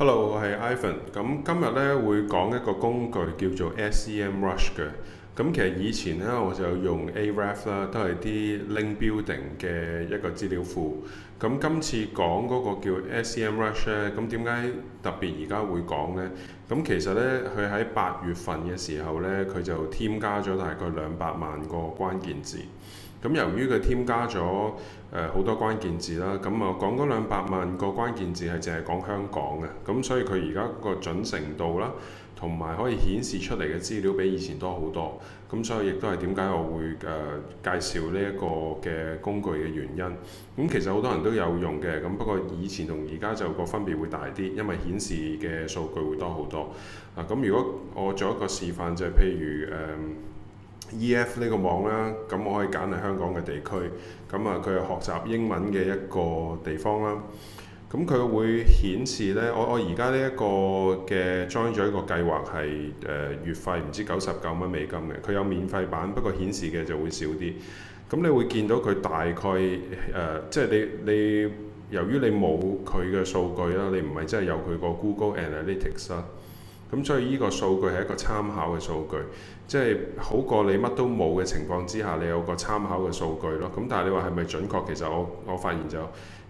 Hello，我係 Ivan。咁今日咧會講一個工具叫做 SEM Rush 嘅。咁其實以前咧我就用 Ahrefs 啦，都係啲 link building 嘅一個資料庫。咁今次講嗰個叫 SEM Rush 咧，咁點解特別而家會講呢？咁其實咧佢喺八月份嘅時候咧，佢就添加咗大概兩百萬個關鍵字。咁由於佢添加咗誒好多關鍵字啦，咁我講嗰兩百萬個關鍵字係淨係講香港嘅，咁所以佢而家個準程度啦，同埋可以顯示出嚟嘅資料比以前多好多，咁所以亦都係點解我會誒、呃、介紹呢一個嘅工具嘅原因。咁其實好多人都有用嘅，咁不過以前同而家就個分別會大啲，因為顯示嘅數據會多好多。嗱、啊，咁如果我做一個示範，就係、是、譬如誒，呃 E.F. 呢個網啦，咁我可以揀係香港嘅地區，咁啊佢係學習英文嘅一個地方啦。咁佢會顯示呢，我我而家呢一個嘅 join 咗一個計劃係誒、呃、月費唔知九十九蚊美金嘅，佢有免費版，不過顯示嘅就會少啲。咁你會見到佢大概誒，即、呃、係、就是、你你由於你冇佢嘅數據啦，你唔係真係有佢個 Google Analytics 啦。咁所以呢個數據係一個參考嘅數據，即係好過你乜都冇嘅情況之下，你有個參考嘅數據咯。咁但係你話係咪準確？其實我我發現就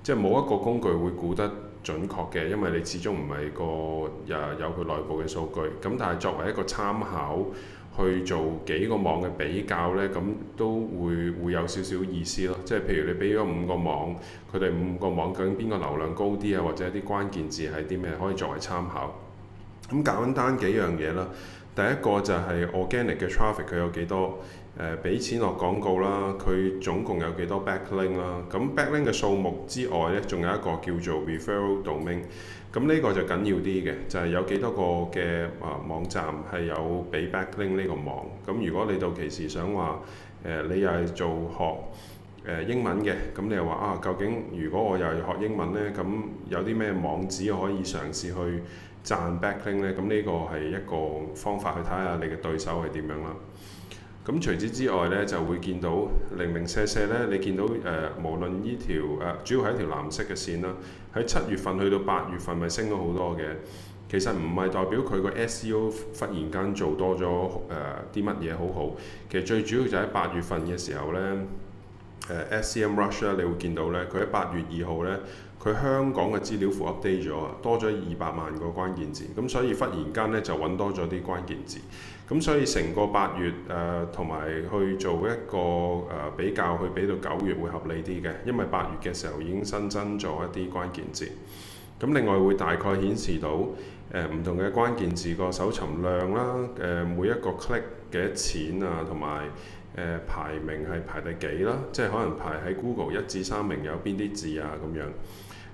即係冇一個工具會估得準確嘅，因為你始終唔係個誒有佢內部嘅數據。咁但係作為一個參考去做幾個網嘅比較呢，咁都會會有少少意思咯。即係譬如你俾咗五個網，佢哋五個網究竟邊個流量高啲啊？或者一啲關鍵字係啲咩，可以作為參考。咁簡單幾樣嘢啦，第一個就係 organic 嘅 traffic 佢有幾多？誒、呃，俾錢落廣告啦，佢總共有幾多 backlink 啦？咁 backlink 嘅數目之外咧，仲有一個叫做 referral domain，咁呢個就緊要啲嘅，就係、是、有幾多個嘅啊、呃、網站係有俾 backlink 呢個網？咁如果你到期時想話誒、呃，你又係做學英文嘅，咁你又話啊，究竟如果我又係學英文呢？咁有啲咩網址可以嘗試去？賺 backlink 咧，咁呢個係一個方法去睇下你嘅對手係點樣啦。咁除此之外呢，就會見到零零些些呢。你見到誒、呃，無論呢條誒、呃，主要係一條藍色嘅線啦。喺七月份去到八月份，咪升咗好多嘅。其實唔係代表佢個 SEO 忽然間做多咗誒啲乜嘢好好。其實最主要就喺八月份嘅時候呢誒、呃、SCM rush 咧，你會見到呢，佢喺八月二號呢。佢香港嘅資料庫 update 咗，多咗二百萬個關鍵字，咁所以忽然間呢就揾多咗啲關鍵字，咁所以成個八月誒同埋去做一個誒、呃、比較，去俾到九月會合理啲嘅，因為八月嘅時候已經新增咗一啲關鍵字，咁另外會大概顯示到唔、呃、同嘅關鍵字個搜尋量啦，誒、呃、每一個 click 幾多錢啊，同埋誒排名係排第幾啦，即係可能排喺 Google 一至三名有邊啲字啊咁樣。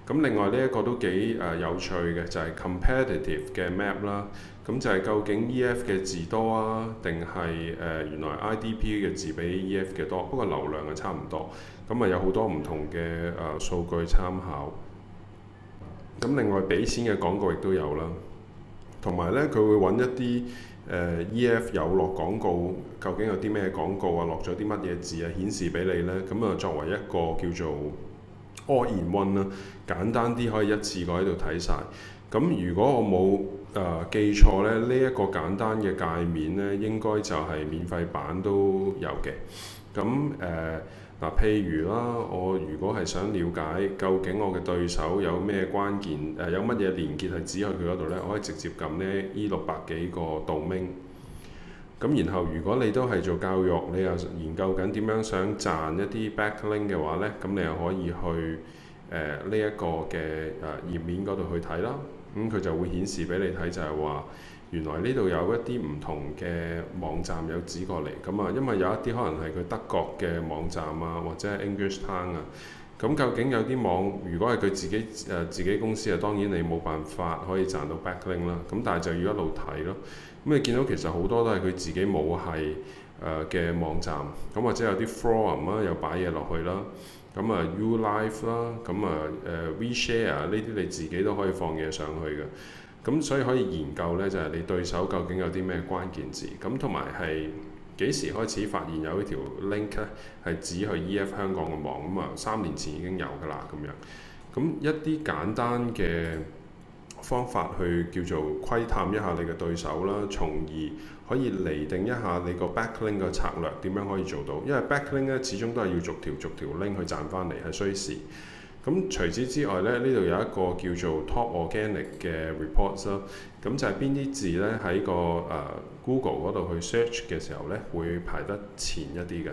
咁另外呢一個都幾誒有趣嘅，就係、是、competitive 嘅 map 啦。咁就係究竟 EF 嘅字多啊，定係誒原來 IDP 嘅字比 EF 嘅多？不過流量係差唔多。咁啊有好多唔同嘅誒、呃、數據參考。咁另外俾錢嘅廣告亦都有啦、啊。同埋呢，佢會揾一啲誒、呃、EF 有落廣告，究竟有啲咩廣告啊？落咗啲乜嘢字啊？顯示俾你呢。咁啊作為一個叫做 All in one 啦，簡單啲可以一次過喺度睇晒。咁如果我冇誒、呃、記錯咧，呢、這、一個簡單嘅界面咧，應該就係免費版都有嘅。咁誒嗱，譬、呃呃、如啦，我如果係想了解究竟我嘅對手有咩關鍵誒、呃，有乜嘢連結係指向佢嗰度咧，我可以直接撳咧呢六百幾個 domain。咁然後，如果你都係做教育，你又研究緊點樣想賺一啲 backlink 嘅話呢，咁你又可以去呢一、呃這個嘅誒頁面嗰度去睇啦。咁、嗯、佢就會顯示俾你睇，就係話原來呢度有一啲唔同嘅網站有指過嚟。咁、嗯、啊，因為有一啲可能係佢德國嘅網站啊，或者係 English Town 啊。咁究竟有啲網，如果係佢自己誒、呃、自己公司啊，當然你冇辦法可以賺到 backlink 啦。咁但係就要一路睇咯。咁你見到其實好多都係佢自己冇係誒嘅網站，咁或者有啲 forum 啦，又擺嘢落去啦。咁啊，Ulife 啦，咁、呃、啊誒，WeShare 呢啲你自己都可以放嘢上去嘅。咁所以可以研究呢，就係、是、你對手究竟有啲咩關鍵字，咁同埋係。幾時開始發現有呢條 link 咧？係指去 E.F. 香港嘅網咁啊！三年前已經有㗎啦，咁樣。咁一啲簡單嘅方法去叫做窺探一下你嘅對手啦，從而可以厘定一下你個 backlink 嘅策略點樣可以做到。因為 backlink 咧始終都係要逐條逐條 link 去賺翻嚟，係需時。咁除此之外咧，呢度有一個叫做 Top Organic 嘅 report 啦。咁就係邊啲字呢？喺個誒、呃、Google 嗰度去 search 嘅時候呢，會排得前一啲嘅。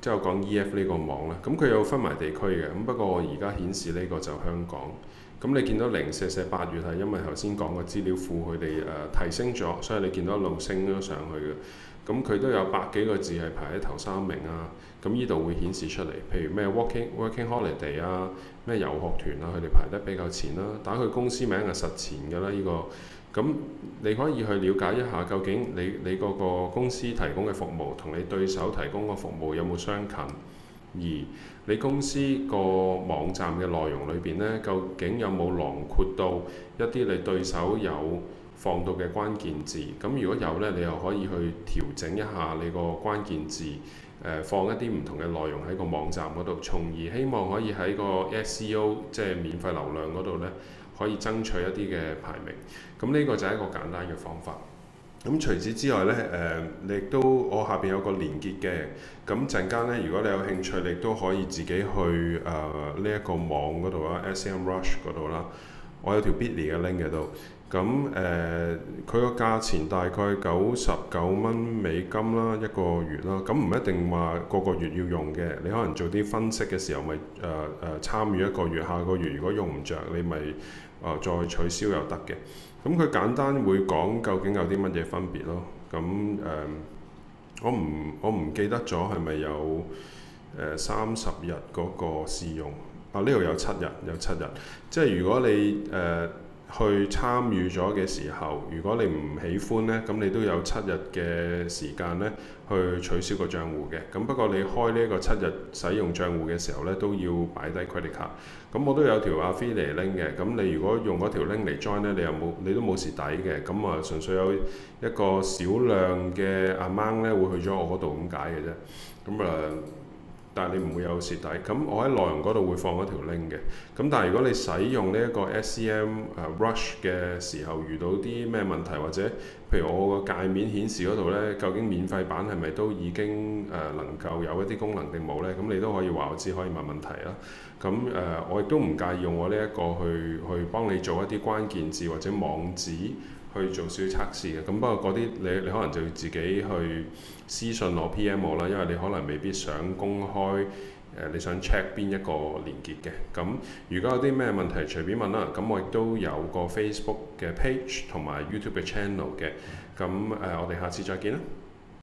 之後講 EF 呢個網咧，咁佢有分埋地區嘅。咁不過我而家顯示呢個就香港。咁你見到零四四八月係因為頭先講個資料庫佢哋誒提升咗，所以你見到一路升咗上去嘅。咁佢都有百幾個字係排喺頭三名啊，咁呢度會顯示出嚟。譬如咩 working working holiday 啊，咩遊學團啊，佢哋排得比較前啦、啊。打佢公司名係實前㗎啦，呢、這個。咁你可以去了解一下究竟你你嗰個公司提供嘅服務同你對手提供嘅服務有冇相近？而你公司個網站嘅內容裏邊呢，究竟有冇囊括到一啲你對手有放到嘅關鍵字，咁如果有呢，你又可以去調整一下你個關鍵字，誒放一啲唔同嘅內容喺個網站嗰度，從而希望可以喺個 SEO 即係免費流量嗰度呢，可以爭取一啲嘅排名。咁呢個就係一個簡單嘅方法。咁除此之外呢，誒、呃、你都我下邊有個連結嘅，咁陣間呢，如果你有興趣，你都可以自己去誒呢一個網嗰度啊 s m Rush 嗰度啦，我有條 b i l i 嘅 link 喺度。咁誒，佢個、呃、價錢大概九十九蚊美金啦，一個月啦。咁唔一定話個個月要用嘅，你可能做啲分析嘅時候咪誒誒參與一個月，下個月如果用唔着，你咪誒、呃、再取消又得嘅。咁、嗯、佢簡單會講究竟有啲乜嘢分別咯。咁、嗯、誒，我唔我唔記得咗係咪有誒三十日嗰個試用啊？呢度有七日，有七日。即係如果你誒。呃去參與咗嘅時候，如果你唔喜歡呢，咁你都有七日嘅時間呢去取消個賬戶嘅。咁不過你開呢一個七日使用賬戶嘅時候呢，都要擺低 credit 卡。咁我都有條阿菲嚟拎嘅。咁你如果用嗰條拎嚟 join 呢，你又冇，你都冇蝕底嘅。咁啊，純粹有一個少量嘅 amount 咧，會去咗我嗰度咁解嘅啫。咁啊。Uh, 但係你唔會有蝕底，咁我喺內容嗰度會放一條 link 嘅。咁但係如果你使用呢一個 SEM 誒、呃、Rush 嘅時候遇到啲咩問題，或者譬如我個界面顯示嗰度呢，究竟免費版係咪都已經誒、呃、能夠有一啲功能定冇呢？咁你都可以話我知，可以問問題啦。咁誒、呃，我亦都唔介意用我呢一個去去幫你做一啲關鍵字或者網址。去做少少測試嘅，咁不過嗰啲你你可能就要自己去私信我 PM 我啦，因為你可能未必想公開誒、呃、你想 check 邊一個連結嘅。咁如果有啲咩問題，隨便問啦。咁我亦都有個 Facebook 嘅 page 同埋 YouTube 嘅 channel 嘅。咁誒、呃，我哋下次再見啦。